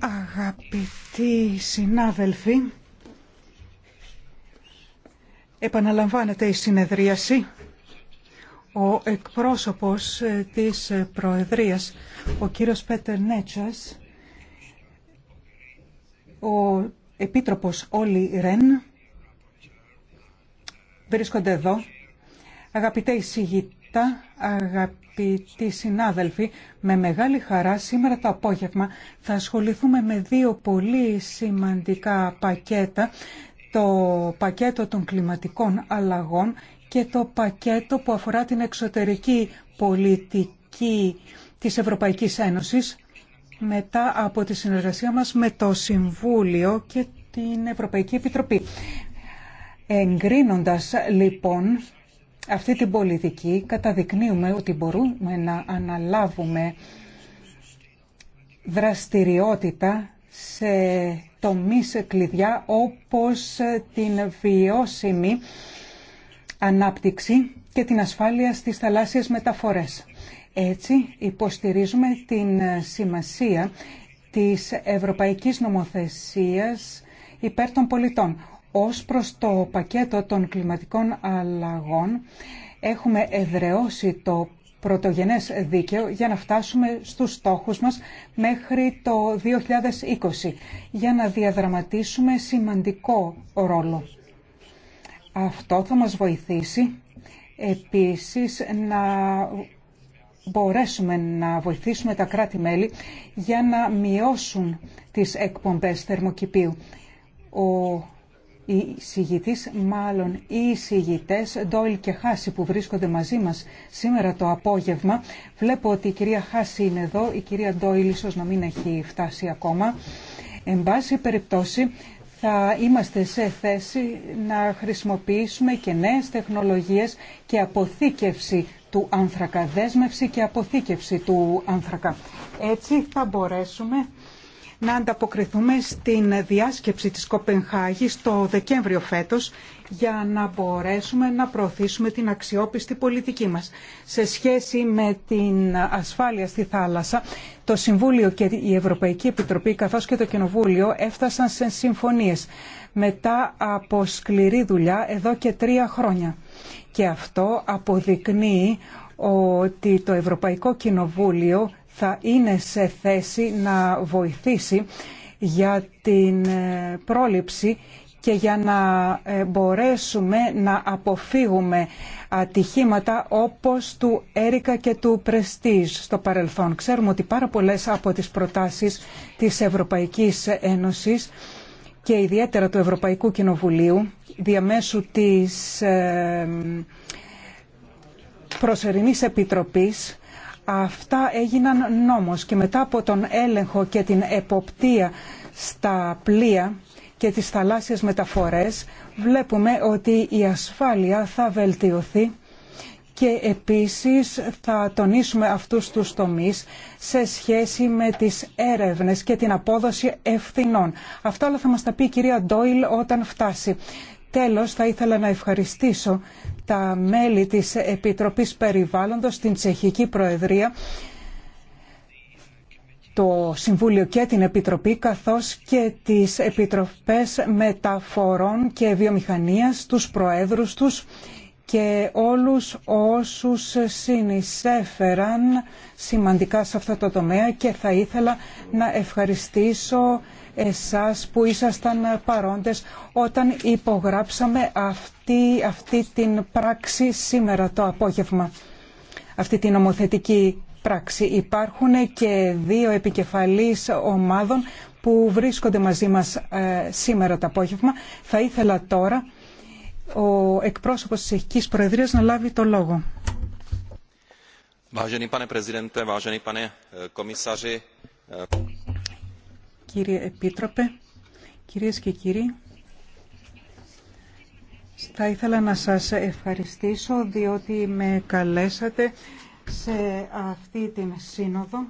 Αγαπητοί συνάδελφοι, επαναλαμβάνεται η συνεδρίαση. Ο εκπρόσωπος της Προεδρίας, ο κύριος Πέτερ Νέτσας, ο Επίτροπος Όλη Ρεν, βρίσκονται εδώ. Αγαπητέ εισηγητή, αγαπητοί συνάδελφοι, με μεγάλη χαρά σήμερα το απόγευμα θα ασχοληθούμε με δύο πολύ σημαντικά πακέτα, το πακέτο των κλιματικών αλλαγών και το πακέτο που αφορά την εξωτερική πολιτική της Ευρωπαϊκής Ένωσης μετά από τη συνεργασία μας με το Συμβούλιο και την Ευρωπαϊκή Επιτροπή. Εγκρίνοντας λοιπόν αυτή την πολιτική καταδεικνύουμε ότι μπορούμε να αναλάβουμε δραστηριότητα σε τομείς κλειδιά όπως την βιώσιμη ανάπτυξη και την ασφάλεια στις θαλάσσιες μεταφορές. Έτσι υποστηρίζουμε την σημασία της Ευρωπαϊκής Νομοθεσίας υπέρ των πολιτών ως προς το πακέτο των κλιματικών αλλαγών έχουμε εδραιώσει το πρωτογενές δίκαιο για να φτάσουμε στους στόχους μας μέχρι το 2020 για να διαδραματίσουμε σημαντικό ρόλο. Αυτό θα μας βοηθήσει επίσης να μπορέσουμε να βοηθήσουμε τα κράτη-μέλη για να μειώσουν τις εκπομπές θερμοκηπίου. Ο οι συγητής, μάλλον οι συγητές, Ντόιλ και Χάση που βρίσκονται μαζί μας σήμερα το απόγευμα. Βλέπω ότι η κυρία Χάση είναι εδώ, η κυρία Ντόιλ ίσως να μην έχει φτάσει ακόμα. Εν πάση περιπτώσει θα είμαστε σε θέση να χρησιμοποιήσουμε και νέες τεχνολογίες και αποθήκευση του άνθρακα, δέσμευση και αποθήκευση του άνθρακα. Έτσι θα μπορέσουμε να ανταποκριθούμε στην διάσκεψη της Κοπενχάγης το Δεκέμβριο φέτος για να μπορέσουμε να προωθήσουμε την αξιόπιστη πολιτική μας. Σε σχέση με την ασφάλεια στη θάλασσα, το Συμβούλιο και η Ευρωπαϊκή Επιτροπή καθώς και το Κοινοβούλιο έφτασαν σε συμφωνίες μετά από σκληρή δουλειά εδώ και τρία χρόνια. Και αυτό αποδεικνύει ότι το Ευρωπαϊκό Κοινοβούλιο θα είναι σε θέση να βοηθήσει για την ε, πρόληψη και για να ε, μπορέσουμε να αποφύγουμε ατυχήματα όπως του Έρικα και του Πρεστίζ στο παρελθόν. Ξέρουμε ότι πάρα πολλές από τις προτάσεις της Ευρωπαϊκής Ένωσης και ιδιαίτερα του Ευρωπαϊκού Κοινοβουλίου διαμέσου της ε, προσωρινής επιτροπής Αυτά έγιναν νόμος και μετά από τον έλεγχο και την εποπτεία στα πλοία και τις θαλάσσιες μεταφορές βλέπουμε ότι η ασφάλεια θα βελτιωθεί και επίσης θα τονίσουμε αυτούς τους τομείς σε σχέση με τις έρευνες και την απόδοση ευθυνών. Αυτά όλα θα μας τα πει η κυρία Ντόιλ όταν φτάσει Τέλος, θα ήθελα να ευχαριστήσω τα μέλη της Επιτροπής Περιβάλλοντος στην Τσεχική Προεδρία το Συμβούλιο και την Επιτροπή καθώς και τις Επιτροπές Μεταφορών και Βιομηχανίας, τους Προέδρους τους και όλους όσους συνεισέφεραν σημαντικά σε αυτό το τομέα και θα ήθελα να ευχαριστήσω εσάς που ήσασταν παρόντες όταν υπογράψαμε αυτή, αυτή την πράξη σήμερα το απόγευμα, αυτή την ομοθετική πράξη. Υπάρχουν και δύο επικεφαλής ομάδων που βρίσκονται μαζί μας ε, σήμερα το απόγευμα. Θα ήθελα τώρα ο εκπρόσωπος της Αιχικής Προεδρίας να λάβει το λόγο. Eh, eh. Κύριε Επίτροπε, κυρίες και κύριοι, θα ήθελα να σας ευχαριστήσω διότι με καλέσατε σε αυτή την σύνοδο